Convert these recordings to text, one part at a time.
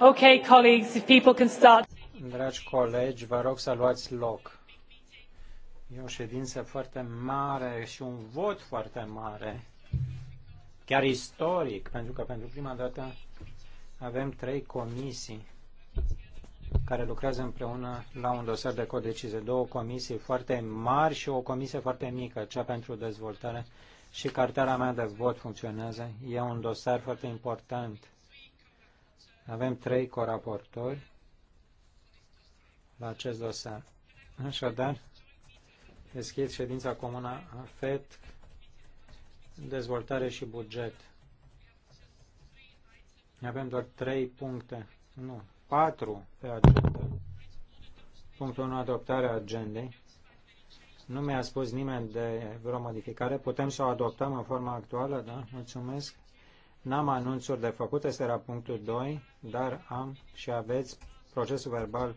Okay, colleagues, if people can start. Dragi colegi, vă rog să luați loc. E o ședință foarte mare și un vot foarte mare, chiar istoric, pentru că pentru prima dată avem trei comisii care lucrează împreună la un dosar de codecizie. Două comisii foarte mari și o comisie foarte mică, cea pentru dezvoltare și cartera mea de vot funcționează. E un dosar foarte important. Avem trei coraportori la acest dosar. Așadar, deschid ședința comună FET, dezvoltare și buget. Avem doar trei puncte, nu, patru pe agenda. Punctul 1, adoptarea agendei. Nu mi-a spus nimeni de vreo modificare. Putem să o adoptăm în forma actuală, da? Mulțumesc. N-am anunțuri de făcut, este la punctul 2, dar am și aveți procesul verbal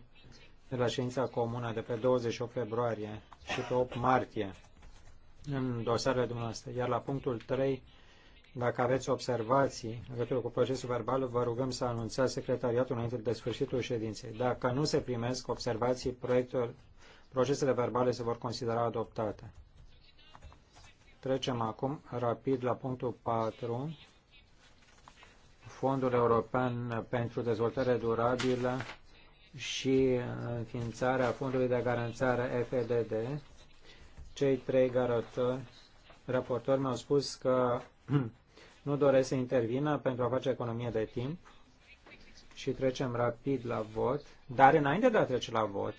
de la ședința comună de pe 28 februarie și pe 8 martie în dosarele dumneavoastră. Iar la punctul 3, dacă aveți observații legătură cu procesul verbal, vă rugăm să anunțați secretariatul înainte de sfârșitul ședinței. Dacă nu se primesc observații, proiectul Procesele verbale se vor considera adoptate. Trecem acum rapid la punctul 4. Fondul European pentru Dezvoltare Durabilă și înființarea Fondului de Garanțare FDD. Cei trei garători, raportori mi-au spus că nu doresc să intervină pentru a face economie de timp și trecem rapid la vot. Dar înainte de a trece la vot,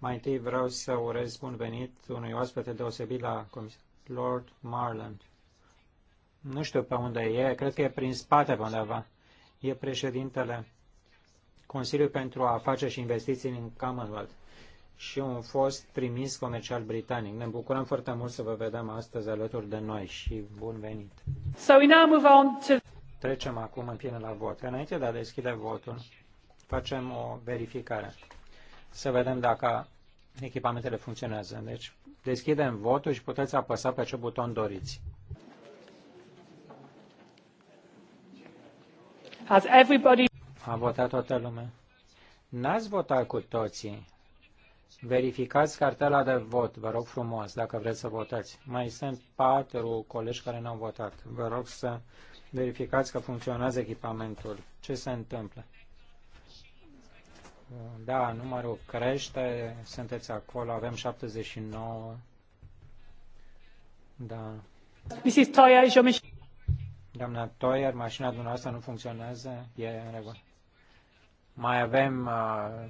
mai întâi vreau să urez bun venit unui oaspete deosebit la comisie, Lord Marland. Nu știu pe unde e, cred că e prin spate pe undeva. E președintele Consiliului pentru Afaceri și Investiții în Commonwealth și un fost trimis comercial britanic. Ne bucurăm foarte mult să vă vedem astăzi alături de noi și bun venit. So we now move on to... Trecem acum în plină la vot. Înainte de a deschide votul, facem o verificare să vedem dacă echipamentele funcționează. Deci deschidem votul și puteți apăsa pe ce buton doriți. Has everybody... A votat toată lumea. N-ați votat cu toții. Verificați cartela de vot, vă rog frumos, dacă vreți să votați. Mai sunt patru colegi care n-au votat. Vă rog să verificați că funcționează echipamentul. Ce se întâmplă? Da, numărul crește, sunteți acolo, avem 79. Da. Mrs. Toyer, your machine... Doamna Toyer, mașina dumneavoastră nu funcționează? E în regulă. Mai avem uh,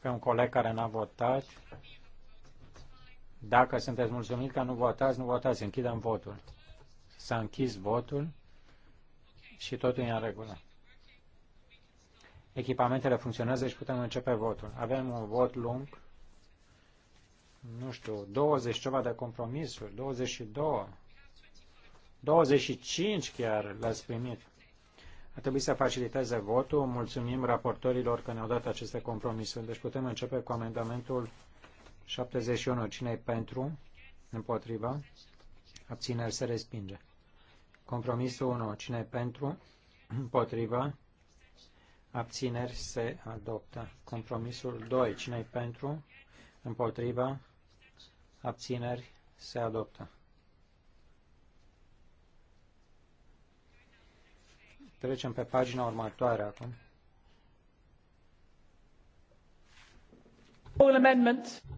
pe un coleg care n-a votat. Dacă sunteți mulțumit că nu votați, nu votați, închidem votul. S-a închis votul și totul e în regulă echipamentele funcționează și putem începe votul. Avem un vot lung, nu știu, 20 ceva de compromisuri, 22, 25 chiar l-ați primit. A trebuit să faciliteze votul. Mulțumim raportorilor că ne-au dat aceste compromisuri. Deci putem începe cu amendamentul 71. cine e pentru? Împotriva? Abțineri se respinge. Compromisul 1. cine e pentru? Împotriva? abțineri se adoptă. Compromisul 2, cine pentru, împotriva, abțineri se adoptă. Trecem pe pagina următoare acum.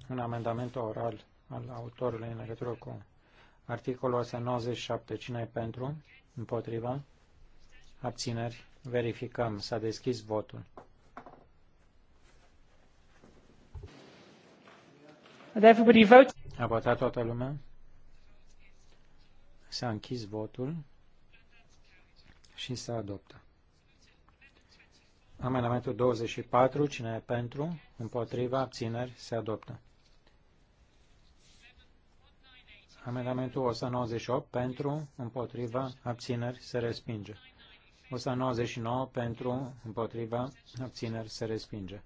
Un amendament oral al autorului în legătură cu articolul 197. Cine e pentru? Împotriva? Abțineri? Verificăm. S-a deschis votul. A votat toată lumea? S-a închis votul și se adoptă. Amendamentul 24, cine e pentru, împotriva, abțineri, se adoptă. Amendamentul 198, pentru, împotriva, abțineri, se respinge. 199 pentru, împotriva, abțineri se respinge.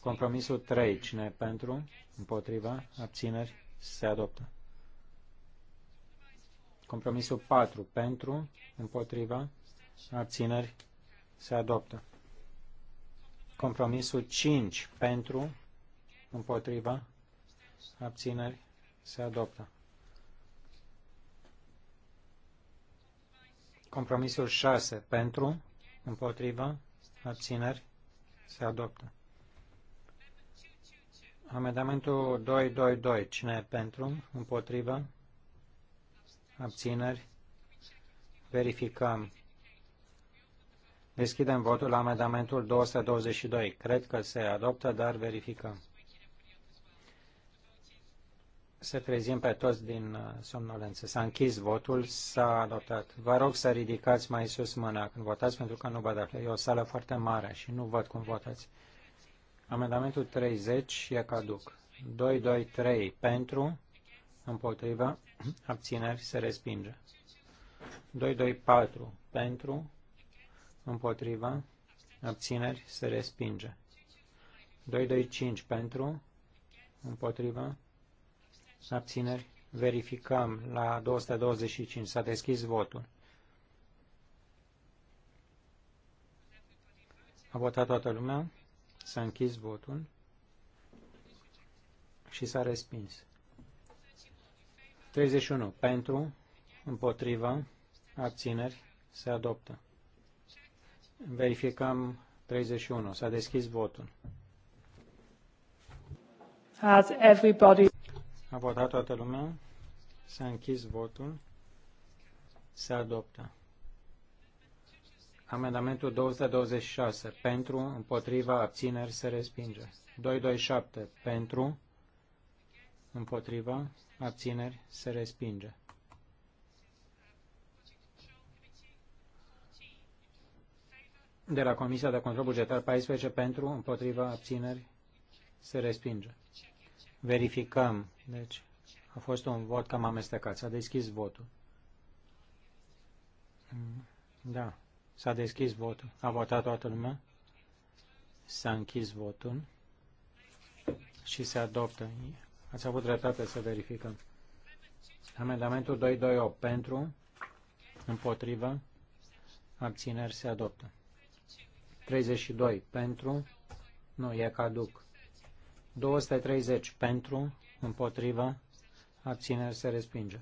Compromisul 3, cine pentru, împotriva, abțineri se adoptă. Compromisul 4, pentru, împotriva, abțineri se adoptă. Compromisul 5, pentru, împotriva, abțineri se adoptă. Compromisul 6 pentru, împotrivă, abțineri, se adoptă. Amendamentul 222, cine e pentru, împotrivă, abțineri, verificăm. Deschidem votul la amendamentul 222. Cred că se adoptă, dar verificăm să trezim pe toți din uh, somnolență. S-a închis votul, s-a adoptat. Vă rog să ridicați mai sus mâna când votați, pentru că nu vă dați. E o sală foarte mare și nu văd cum votați. Amendamentul 30 e caduc. 2, 2, 3 pentru, împotrivă, abțineri, se respinge. 2, 2, 4 pentru, împotrivă, abțineri, se respinge. 2, 2, 5 pentru, împotrivă, abțineri, verificăm la 225. S-a deschis votul. A votat toată lumea, s-a închis votul și s-a respins. 31. Pentru, împotriva, abțineri, se adoptă. Verificăm 31. S-a deschis votul. Has everybody a votat toată lumea. S-a închis votul. Se adoptă. Amendamentul 226. Pentru, împotriva, abțineri, se respinge. 227. Pentru, împotriva, abțineri, se respinge. De la Comisia de Control Bugetar 14 pentru, împotriva, abțineri, se respinge. Verificăm. Deci a fost un vot cam amestecat. S-a deschis votul. Da. S-a deschis votul. A votat toată lumea. S-a închis votul și se adoptă. Ați avut dreptate să verificăm. Amendamentul 228 pentru, împotrivă, abțineri se adoptă. 32 pentru, nu, e caduc. 230 pentru, împotriva, abțineri se respinge.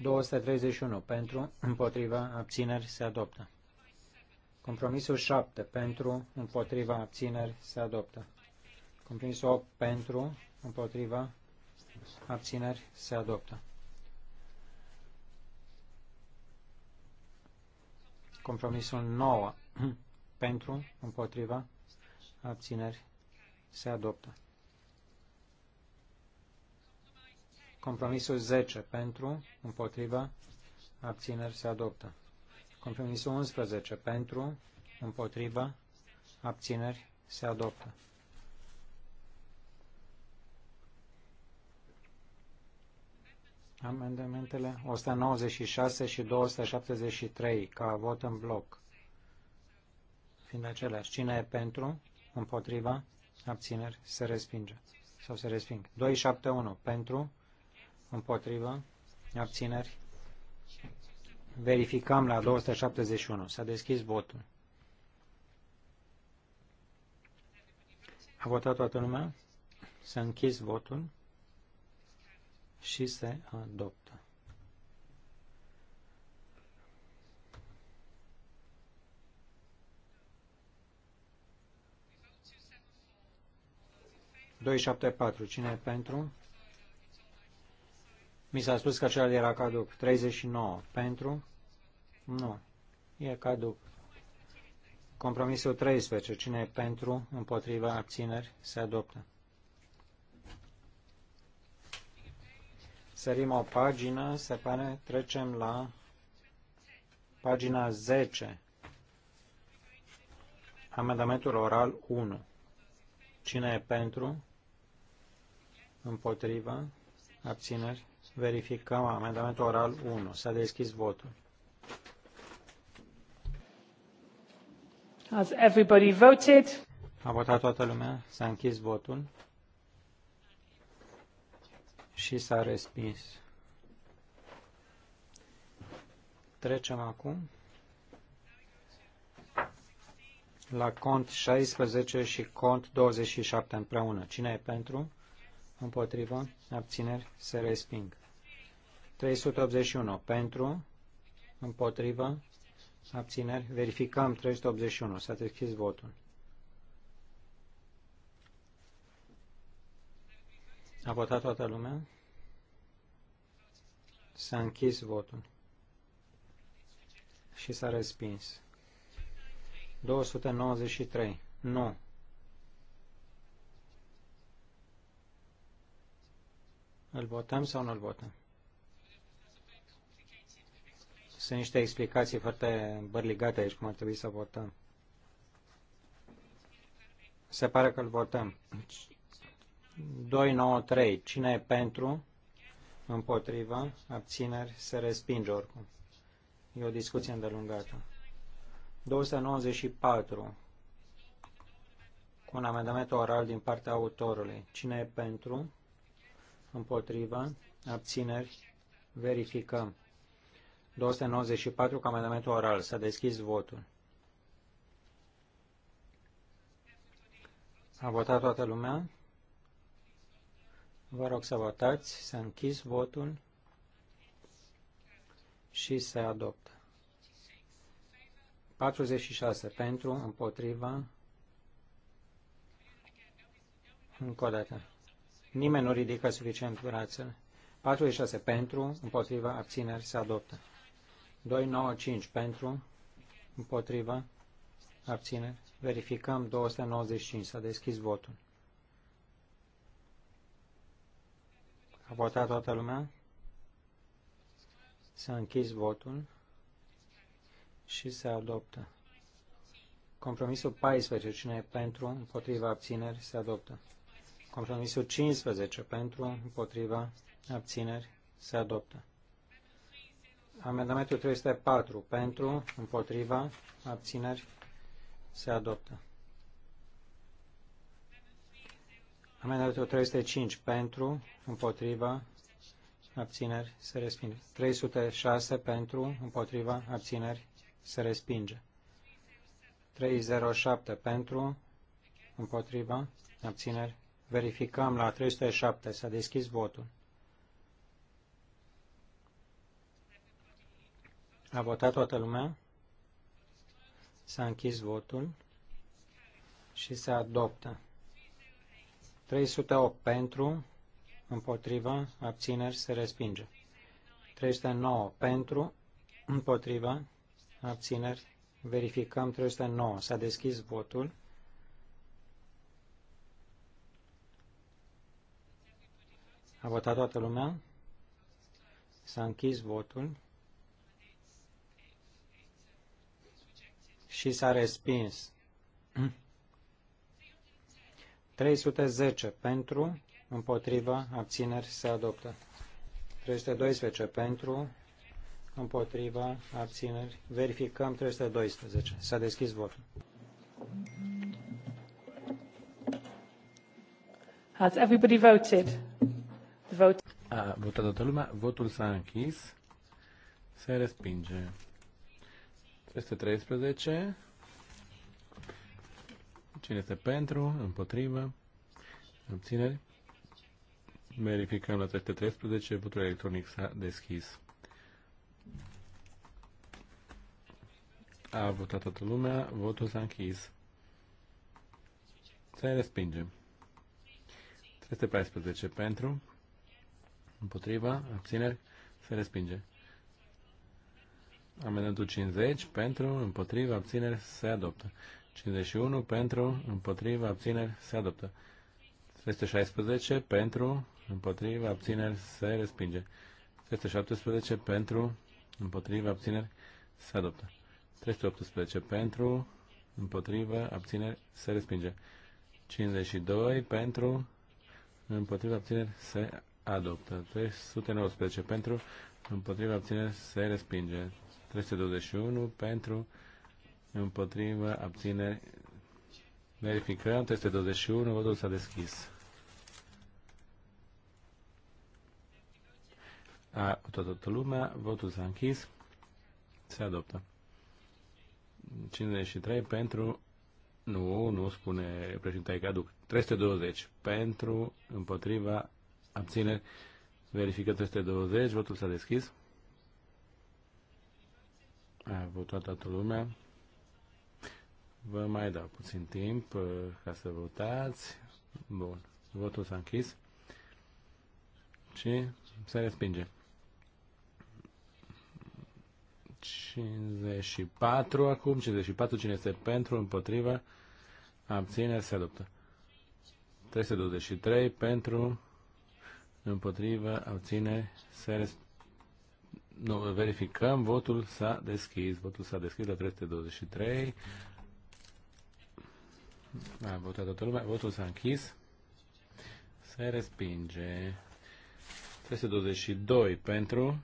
231 pentru, împotriva, abțineri se adoptă. Compromisul 7 pentru, împotriva, abțineri se adoptă. Compromisul 8 pentru, împotriva, abțineri se adoptă. Compromisul 9 pentru, împotriva, abțineri se adoptă. Compromisul 10 pentru, împotriva, abțineri se adoptă. Compromisul 11 pentru, împotriva, abțineri se adoptă. Amendamentele 196 și 273 ca vot în bloc. Fiind aceleași. Cine e pentru? Împotriva? abțineri, se respinge sau se resping. 271 pentru, împotrivă, abțineri. Verificăm la 271. S-a deschis votul. A votat toată lumea? S-a închis votul și se adoptă. 274. Cine e pentru? Mi s-a spus că acela era caduc. 39. Pentru? Nu. E caduc. Compromisul 13. Cine e pentru, împotriva, abțineri, se adoptă. Sărim o pagină, se pare, trecem la pagina 10. Amendamentul oral 1. Cine e pentru? Împotrivă. Abțineri. Verificăm amendamentul oral 1. S-a deschis votul. Has everybody voted? A votat toată lumea. S-a închis votul. Și s-a respins. Trecem acum la cont 16 și cont 27 împreună. Cine e pentru? Împotrivă, abțineri, se resping. 381 pentru, împotrivă, abțineri, verificăm 381, s-a deschis votul. A votat toată lumea? S-a închis votul și s-a respins. 293. Nu. Îl votăm sau nu îl votăm? Sunt niște explicații foarte bărligate aici cum ar trebui să votăm. Se pare că îl votăm. 3. Cine e pentru? Împotriva? Abțineri? Se respinge oricum. E o discuție îndelungată. 294. Cu un amendament oral din partea autorului. Cine e pentru? împotriva, abțineri, verificăm. 294 cu amendamentul oral. S-a deschis votul. A votat toată lumea? Vă rog să votați, să închis votul și se adoptă. 46 pentru, împotriva, încă o dată. Nimeni nu ridică suficient brațele. 46 pentru, împotriva, abțineri, se adoptă. 295 pentru, împotriva, abțineri. Verificăm 295. S-a deschis votul. A votat toată lumea? S-a închis votul și se adoptă. Compromisul 14. Cine e pentru, împotriva, abțineri, se adoptă. Compromisul 15 pentru, împotriva, abțineri, se adoptă. Amendamentul 304 pentru, împotriva, abțineri, se adoptă. Amendamentul 305 pentru, împotriva, abțineri, se respinge. 306 pentru, împotriva, abțineri, se respinge. 307 pentru, împotriva, abțineri, Verificăm la 307. S-a deschis votul. A votat toată lumea? S-a închis votul și se adoptă. 308 pentru, împotriva, abțineri, se respinge. 309 pentru, împotriva, abțineri, verificăm 309. S-a deschis votul. A votat toată lumea? S-a închis votul și s-a respins. 310 pentru, împotriva, abțineri se adoptă. 312 pentru, împotriva, abțineri. Verificăm 312. S-a deschis votul. Has everybody voted? A votat toată lumea, votul s-a închis, se respinge. 313. Cine este pentru, împotrivă, obțineri? Verificăm la 313, votul electronic s-a deschis. A votat toată lumea, votul s-a închis. Se respinge. 314 pentru, Împotriva, abțineri, se respinge. Amendamentul 50 pentru, împotriva, abțineri, se adoptă. 51 pentru, împotriva, abțineri, se adoptă. 316 pentru, împotriva, abțineri, se respinge. 317 pentru, împotriva, abțineri, se adoptă. 318 pentru, împotriva, abțineri, se respinge. 52 pentru, împotriva, abțineri, se adoptă. 319 pentru, împotriva abțineri se respinge. 321 pentru, împotriva abțineri. Verificăm, 321, votul s-a deschis. A votat toată lumea, votul s-a închis, se adoptă. 53 pentru, nu, nu spune președintele Caduc, 320 pentru, împotriva, abțineri, verifică 320, votul s-a deschis. A votat toată lumea. Vă mai dau puțin timp uh, ca să votați. Bun. Votul s-a închis. Și se respinge. 54 acum. 54 cine este pentru, împotriva, abține, se adoptă. 323 pentru, împotriva, abține, se nu, verificăm, votul s-a deschis, votul s-a deschis la 323, a votat toată lumea, votul s-a închis, se respinge, 322 pentru,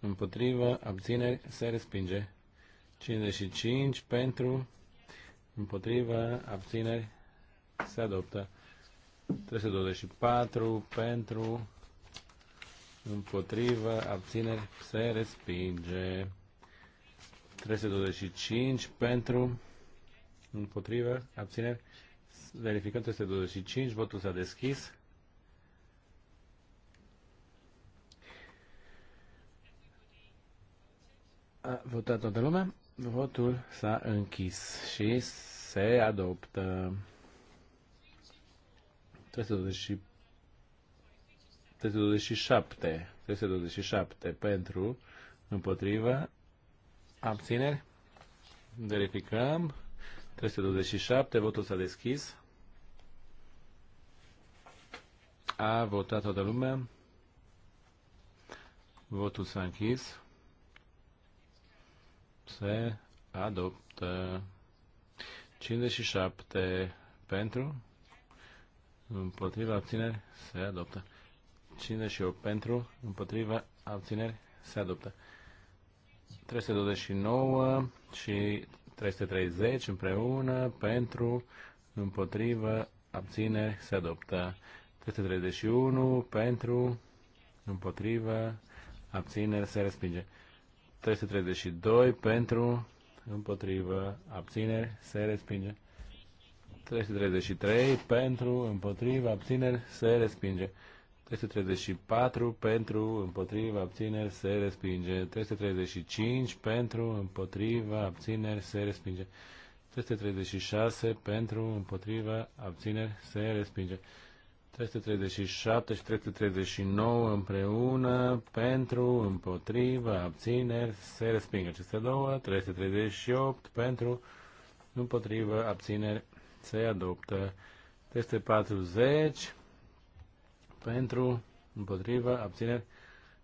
împotriva, abține, se respinge, 55 pentru, împotriva, abțineri, se adoptă. 324 pentru, împotrivă, abțineri, se respinge. 325 pentru, împotrivă, abțineri, verificăm 325, votul s-a deschis. A votat toată lumea, votul s-a închis și se adoptă. 327, 327 pentru, împotriva, abțineri, verificăm, 327, votul s-a deschis, a votat toată lumea, votul s-a închis, se adoptă 57 pentru, Împotriva abțineri se adoptă. 58 pentru, împotriva abțineri se adoptă. 329 și 330 împreună pentru, împotriva abțineri se adoptă. 331 pentru, împotriva abțineri se respinge. 332 pentru, împotriva abțineri se respinge. 333 pentru, împotriva, abțineri, se respinge. 334 pentru, împotriva, abțineri, se respinge. 335 pentru, împotriva, abțineri, se respinge. 336 pentru, împotriva, abțineri, se respinge. 337 și 339 împreună, pentru, împotriva, abțineri, se respinge aceste două, 338 pentru, împotriva, abțineri, se adoptă. 40 pentru, împotriva, abțineri,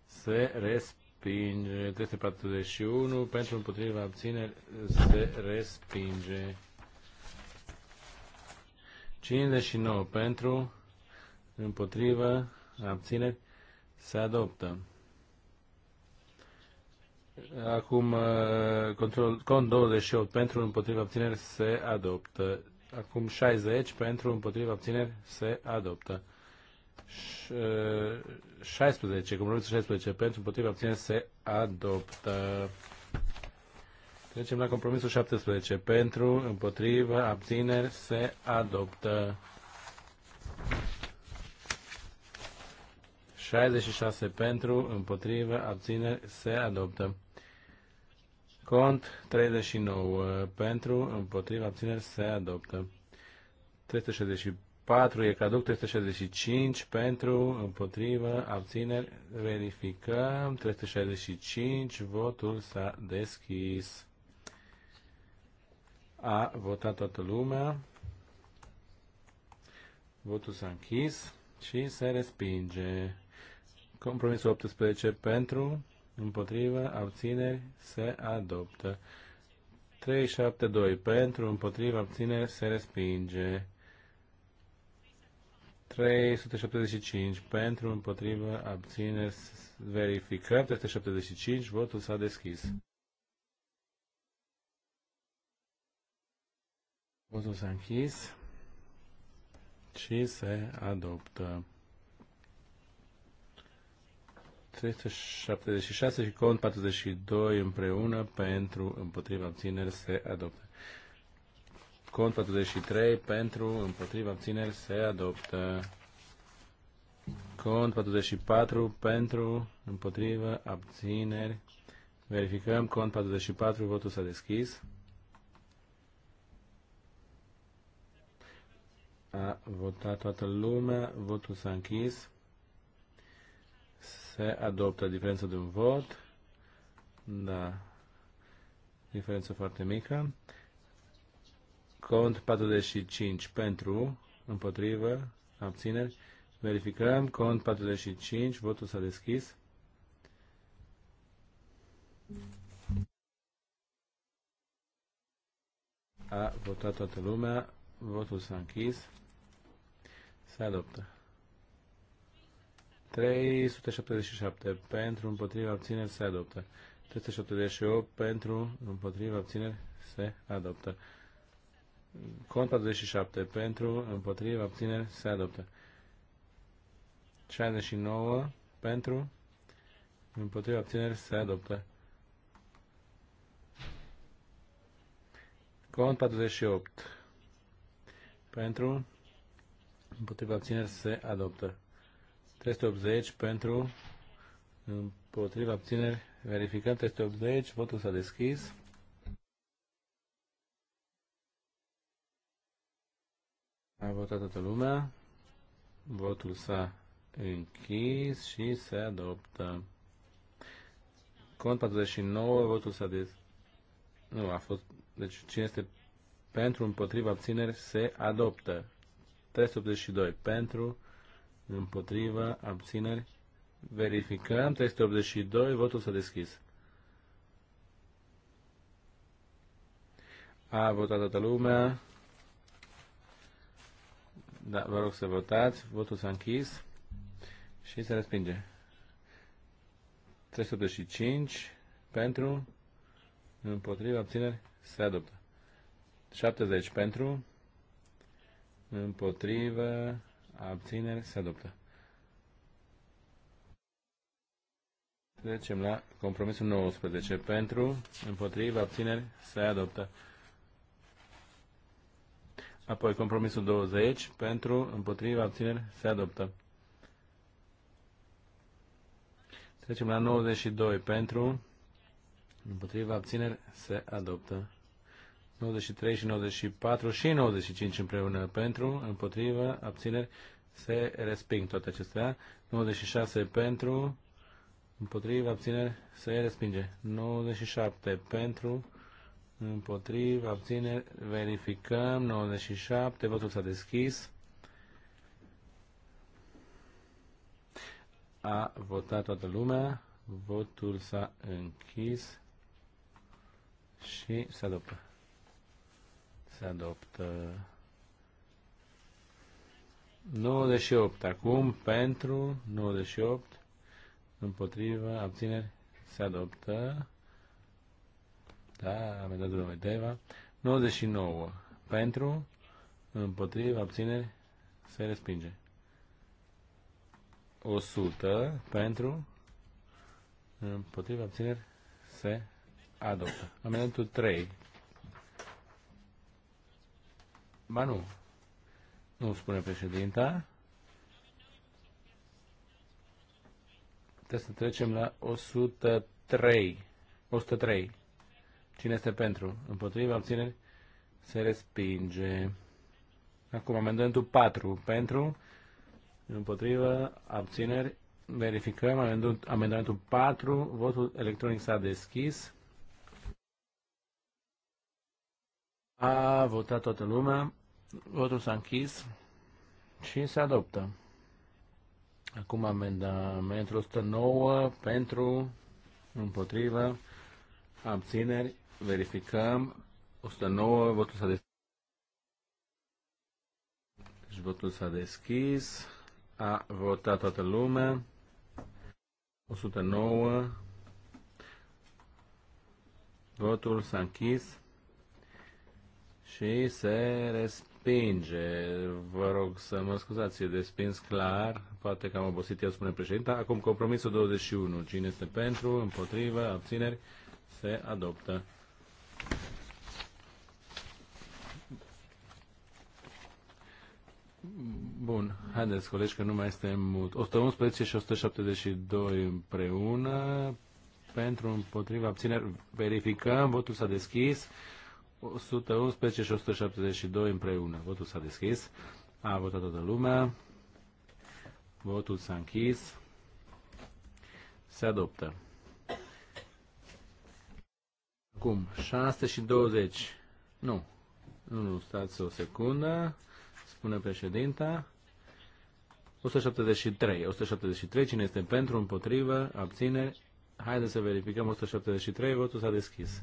se respinge. 41 pentru, împotriva, abțineri, se respinge. 59 pentru, împotriva, abțineri, se adoptă. Acum, control, cont 28 pentru, împotriva, abțineri, se adoptă. Acum 60 pentru împotriva abțineri se adoptă. 16, compromisul 16 pentru împotriva abțineri se adoptă. Trecem la compromisul 17. Pentru, împotriva, abțineri se adoptă. 66 pentru, împotrivă, abțineri, se adoptă. Cont 39. Pentru, împotriva, abțineri se adoptă. 364 e caduc, 365 pentru, împotriva, abțineri, verificăm. 365, votul s-a deschis. A votat toată lumea. Votul s-a închis și se respinge. Compromisul 18 pentru, împotriva, abțineri, se adoptă. 372 pentru, împotriva, abțineri, se respinge. 375 pentru, împotriva, abțineri, verifică. 375, votul s-a deschis. Votul s-a închis și se adoptă. 376 și cont 42 împreună pentru împotriva abțineri se adoptă. Cont 43 pentru împotriva abțineri se adoptă. Cont 44 pentru împotriva abțineri. Verificăm cont 44, votul s-a deschis. A votat toată lumea, votul s-a închis. Se adoptă diferența de un vot. Da. Diferență foarte mică. Cont 45 pentru, împotrivă, abțineri. Verificăm. Cont 45. Votul s-a deschis. A votat toată lumea. Votul s-a închis. Se adoptă. 377 pentru, împotriva, abțineri, se adoptă. 378 pentru, împotriva, abțineri, se adoptă. Cont 47 pentru, împotriva, abțineri, se adoptă. 69 pentru, împotriva, abțineri, se adoptă. Cont 48 pentru, împotriva, abțineri, se adoptă. 380 pentru, împotriva abțineri, verificat 380, votul s-a deschis. A votat toată lumea, votul s-a închis și se adoptă. Cont 49, votul s-a des... Nu, a fost... Deci cine este pentru, împotriva, abțineri, se adoptă. 382 pentru, împotriva, abțineri. Verificăm, 382, votul s-a deschis. A votat toată lumea. Da, vă rog să votați. Votul s-a închis și se respinge. 385 pentru, împotriva, abțineri, se adoptă. 70 pentru, împotriva, abțineri, se adoptă. Trecem la compromisul 19. Pentru, împotriva, abțineri, se adoptă. Apoi compromisul 20. Pentru, împotriva, abțineri, se adoptă. Trecem la 92. Pentru, împotriva, abțineri, se adoptă. 93 și 94 și 95 împreună pentru, împotrivă, abțineri, se resping toate acestea. 96 pentru, împotrivă, abțineri, se respinge. 97 pentru, împotrivă, abțineri, verificăm. 97, votul s-a deschis. A votat toată lumea, votul s-a închis și se adoptă se adoptă. 98. Acum, pentru 98, împotriva, abțineri, se adoptă. Da, am dat amendatul Deva. 99. Pentru, împotriva, abțineri, se respinge. 100. Pentru, împotriva, abțineri, se adoptă. Amendamentul 3. Ba nu. Nu spune președinta. Trebuie să trecem la 103. 103. Cine este pentru? Împotriva obțineri Se respinge. Acum amendamentul 4. Pentru? Împotriva abțineri? Verificăm amendamentul 4. Votul electronic s-a deschis. A votat toată lumea. Votul s-a închis și se adoptă. Acum amendamentul 109 pentru, împotrivă, abțineri, verificăm. 109, votul s-a deschis. Deci votul s-a deschis. A votat toată lumea. 109. Votul s-a închis și se respectă respinge. Vă rog să mă scuzați, e despins clar. Poate că am obosit eu, spune președinta. Acum compromisul 21. Cine este pentru, împotrivă, abțineri, se adoptă. Bun, haideți, colegi, că nu mai este mult. 111 și 172 împreună. Pentru, împotrivă, abțineri, verificăm. Votul s-a deschis. 111 și 172 împreună. Votul s-a deschis. A votat toată lumea. Votul s-a închis. Se adoptă. Acum, 6 și 20. Nu. Nu, nu, stați o secundă. Spune președinta. 173. 173. Cine este pentru, împotrivă, Abține. Haideți să verificăm. 173. Votul s-a deschis.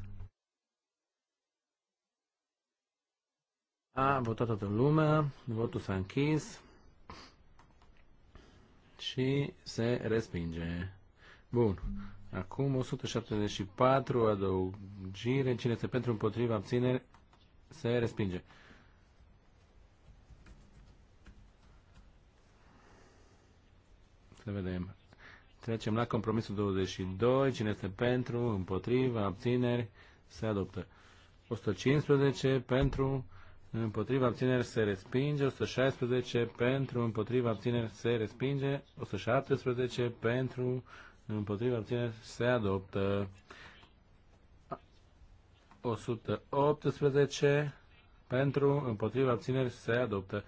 A votat toată lumea, votul s-a închis și se respinge. Bun. Acum 174 adăugire. Cine este pentru împotriva abțineri se respinge. Să vedem. Trecem la compromisul 22. Cine este pentru, împotriva, abțineri, se adoptă. 115 pentru, împotriva abțineri se respinge, 116 pentru, împotriva abțineri se respinge, 117 pentru, împotriva abțineri se adoptă, 118 pentru, împotriva abțineri se adoptă,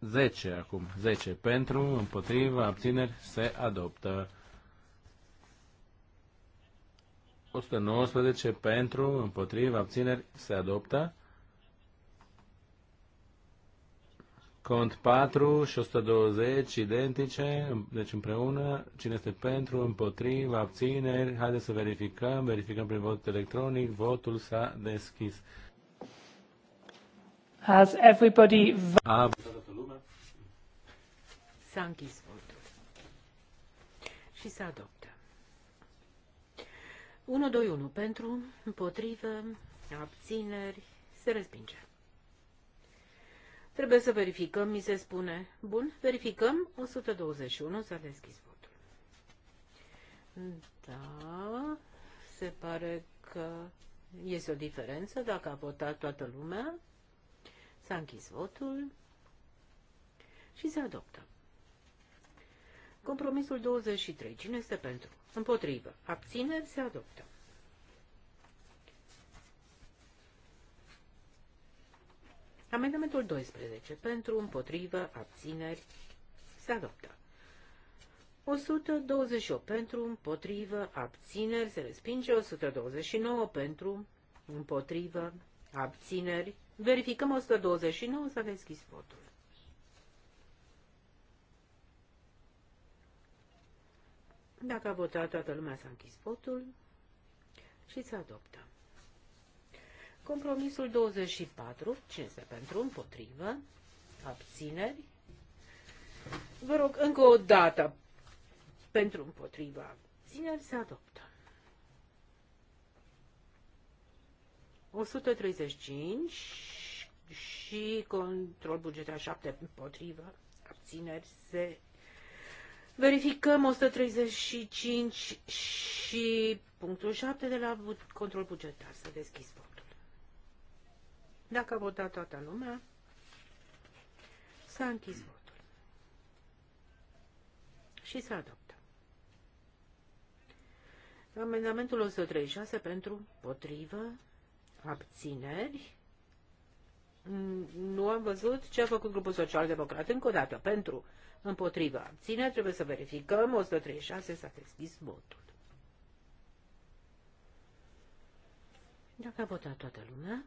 10 acum, 10 pentru, împotriva abțineri se adoptă. 119 pentru, împotriva, abțineri, se adoptă. Cont 4 și 120 identice, deci împreună, cine este pentru, împotriva, abțineri, haideți să verificăm, verificăm prin vot electronic, votul s-a deschis. Has everybody A votat lumea? S-a închis votul. Și s-a adoptă. 1-2-1 pentru, împotrivă, abțineri, se respinge. Trebuie să verificăm, mi se spune. Bun, verificăm. 121 s-a deschis votul. Da, se pare că este o diferență dacă a votat toată lumea. S-a închis votul și se adoptă. Compromisul 23. Cine este pentru? Împotrivă. Abțineri se adoptă. Amendamentul 12. Pentru, împotrivă, abțineri, se adoptă. 128 pentru, împotrivă, abțineri, se respinge. 129 pentru, împotrivă, abțineri. Verificăm 129, s-a deschis votul. Dacă a votat toată lumea, s-a închis votul și se adoptă. Compromisul 24, 5 pentru, împotrivă, abțineri. Vă rog, încă o dată, pentru împotriva abțineri se adoptă. 135 și control bugetar 7 împotrivă, abțineri se Verificăm 135 și punctul 7 de la control bugetar. Să deschis votul. Dacă a votat toată lumea, s-a închis votul. Și s-a adoptat. Amendamentul 136 pentru potrivă, abțineri. Nu am văzut ce a făcut grupul social-democrat încă o dată. Pentru împotriva abțineri trebuie să verificăm. 136 s-a deschis votul. Dacă a votat toată lumea,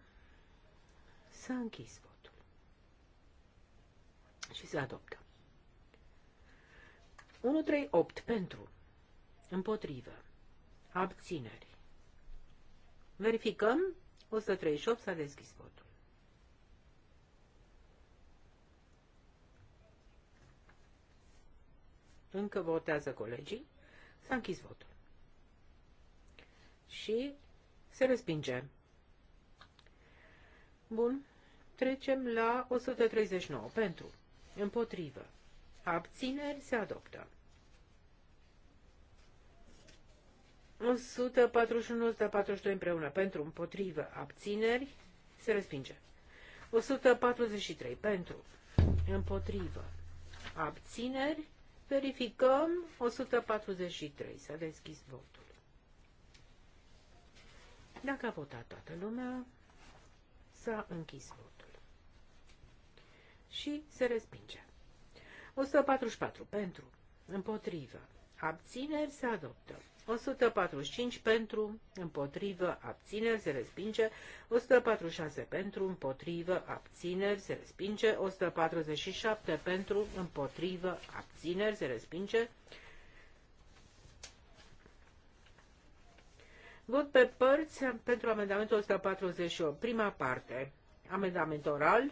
S-a închis votul. Și se adoptă. 1-3-8 pentru. Împotrivă. Abțineri. Verificăm. 138 s-a deschis votul. Încă votează colegii. S-a închis votul. Și se respinge. Bun. Trecem la 139. Pentru. Împotrivă. Abțineri se adoptă. 141-142 împreună. Pentru. Împotrivă. Abțineri se respinge. 143. Pentru. Împotrivă. Abțineri. Verificăm. 143. S-a deschis votul. Dacă a votat toată lumea, S-a închis votul. Și se respinge. 144 pentru, împotrivă, abțineri se adoptă. 145 pentru, împotrivă, abțineri, se respinge, 146 pentru, împotrivă, abțineri, se respinge, 147 pentru, împotrivă, abțineri, se respinge, Vot pe părți pentru amendamentul 148. Prima parte. Amendament oral.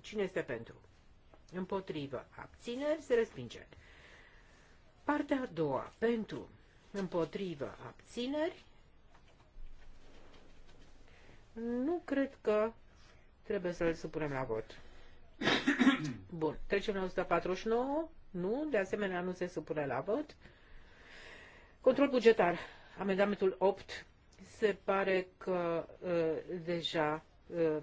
Cine este pentru? Împotrivă. Abțineri. Se respinge. Partea a doua. Pentru. Împotrivă. Abțineri. Nu cred că trebuie să-l supunem la vot. Bun. Trecem la 149. Nu. De asemenea, nu se supune la vot. Control bugetar. Amendamentul 8 se pare că uh, deja uh,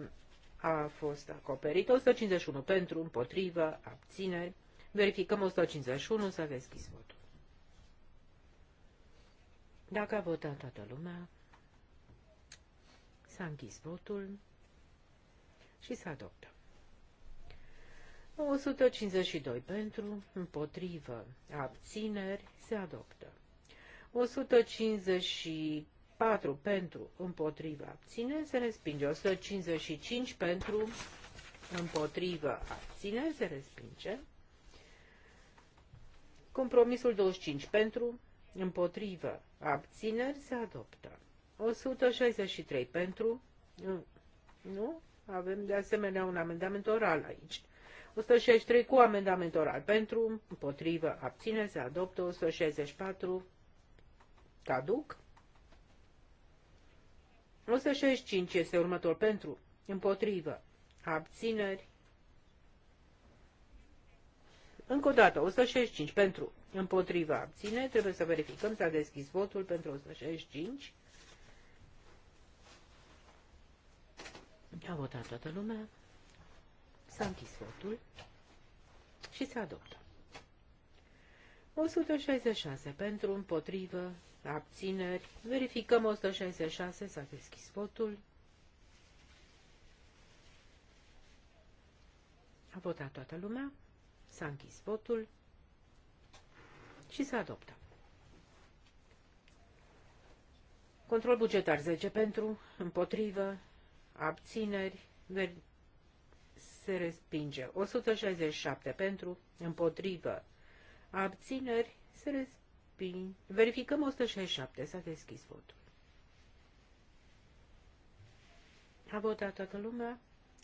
a fost acoperit. 151 pentru, împotrivă, abțineri. Verificăm 151, s-a deschis votul. Dacă a votat toată lumea, s-a închis votul și se adoptă. 152 pentru, împotrivă, abțineri, se adoptă. 154 pentru, împotriva, abține, se respinge. 155 pentru, împotriva, abține, se respinge. Compromisul 25 pentru, împotrivă, abțineri, se adoptă. 163 pentru, nu, avem de asemenea un amendament oral aici. 163 cu amendament oral pentru, împotrivă, abțineri, se adoptă. 164 caduc. 165 este următor pentru, împotrivă, abțineri. Încă o dată, 165 pentru, împotriva, abțineri Trebuie să verificăm, s-a deschis votul pentru 165. A votat toată lumea. S-a închis votul și se adoptă. 166 pentru, împotrivă, abțineri. Verificăm 166, s-a deschis votul. A votat toată lumea, s-a închis votul și s-a adoptat. Control bugetar 10 pentru, împotrivă, abțineri, se respinge. 167 pentru, împotrivă, abțineri, se respinge resping. Verificăm 167. S-a deschis votul. A votat toată lumea.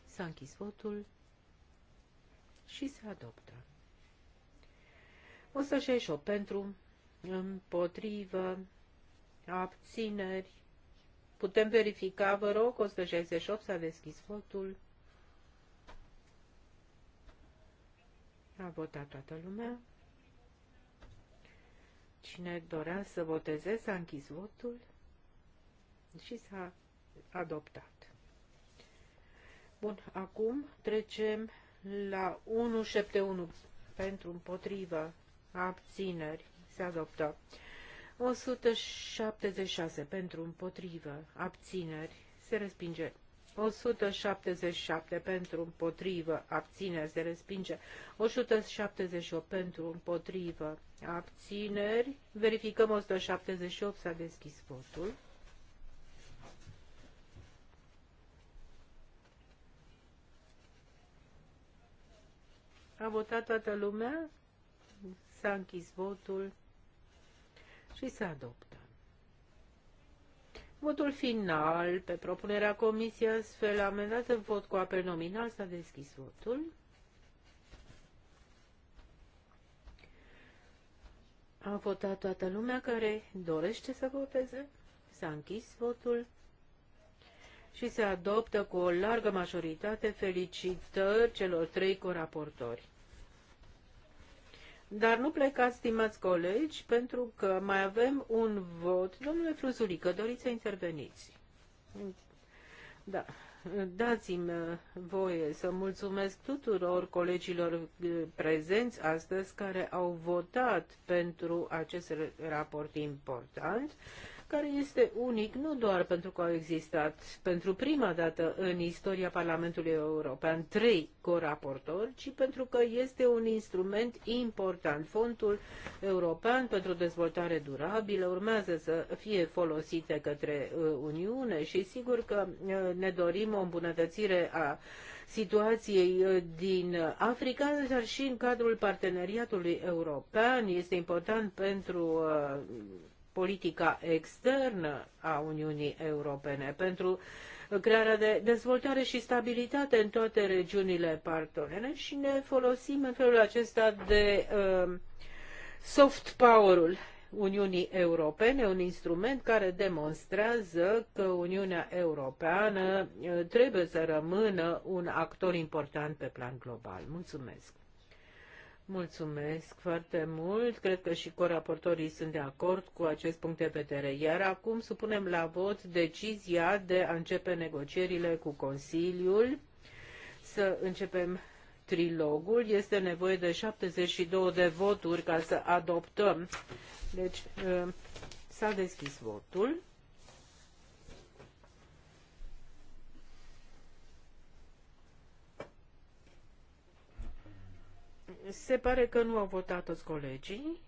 S-a închis votul și se adoptă. 168 pentru, împotrivă, abțineri. Putem verifica, vă rog, 168 s-a deschis votul. A votat toată lumea. Cine dorea să voteze, s-a închis votul și s-a adoptat. Bun, acum trecem la 171 pentru împotrivă abțineri. Se adoptă. 176 pentru împotrivă abțineri. Se respinge. 177 pentru împotrivă, abțineri se respinge, 178 pentru împotrivă, abțineri, verificăm 178, s-a deschis votul. A votat toată lumea, s-a închis votul și s-a adoptat. Votul final pe propunerea comisiei astfel amendată, vot cu apel nominal, s-a deschis votul. A votat toată lumea care dorește să voteze, s-a închis votul și se adoptă cu o largă majoritate felicitări celor trei coraportori. Dar nu plecați, stimați colegi, pentru că mai avem un vot. Domnule Fruzulică, doriți să interveniți? Da. Dați-mi uh, voie să mulțumesc tuturor colegilor uh, prezenți astăzi care au votat pentru acest raport important care este unic nu doar pentru că au existat pentru prima dată în istoria Parlamentului European trei coraportori, ci pentru că este un instrument important. Fondul European pentru Dezvoltare Durabilă urmează să fie folosite către uh, Uniune și sigur că uh, ne dorim o îmbunătățire a situației uh, din Africa, dar și în cadrul parteneriatului european este important pentru politica externă a Uniunii Europene, pentru crearea de dezvoltare și stabilitate în toate regiunile partenere și ne folosim în felul acesta de uh, soft power-ul Uniunii Europene, un instrument care demonstrează că Uniunea Europeană uh, trebuie să rămână un actor important pe plan global. Mulțumesc! Mulțumesc foarte mult. Cred că și coraportorii sunt de acord cu acest punct de vedere. Iar acum supunem la vot decizia de a începe negocierile cu Consiliul. Să începem trilogul. Este nevoie de 72 de voturi ca să adoptăm. Deci ă, s-a deschis votul. Se pare că nu au votat toți colegii.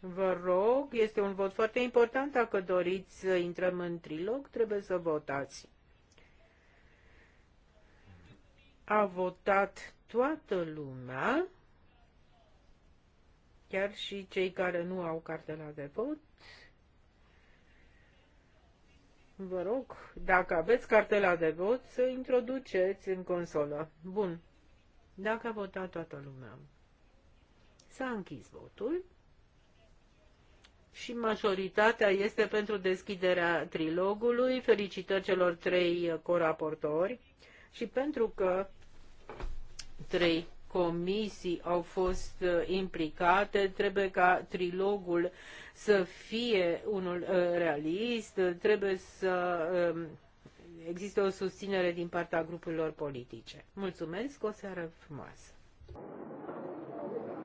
Vă rog, este un vot foarte important. Dacă doriți să intrăm în trilog, trebuie să votați. A votat toată lumea, chiar și cei care nu au cartela de vot. Vă rog, dacă aveți cartela de vot, să introduceți în consolă. Bun. Dacă a votat toată lumea, s-a închis votul și majoritatea este pentru deschiderea trilogului. Felicitări celor trei coraportori și pentru că trei comisii au fost uh, implicate, trebuie ca trilogul să fie unul uh, realist, trebuie să um, există o susținere din partea grupurilor politice. Mulțumesc, o seară frumoasă!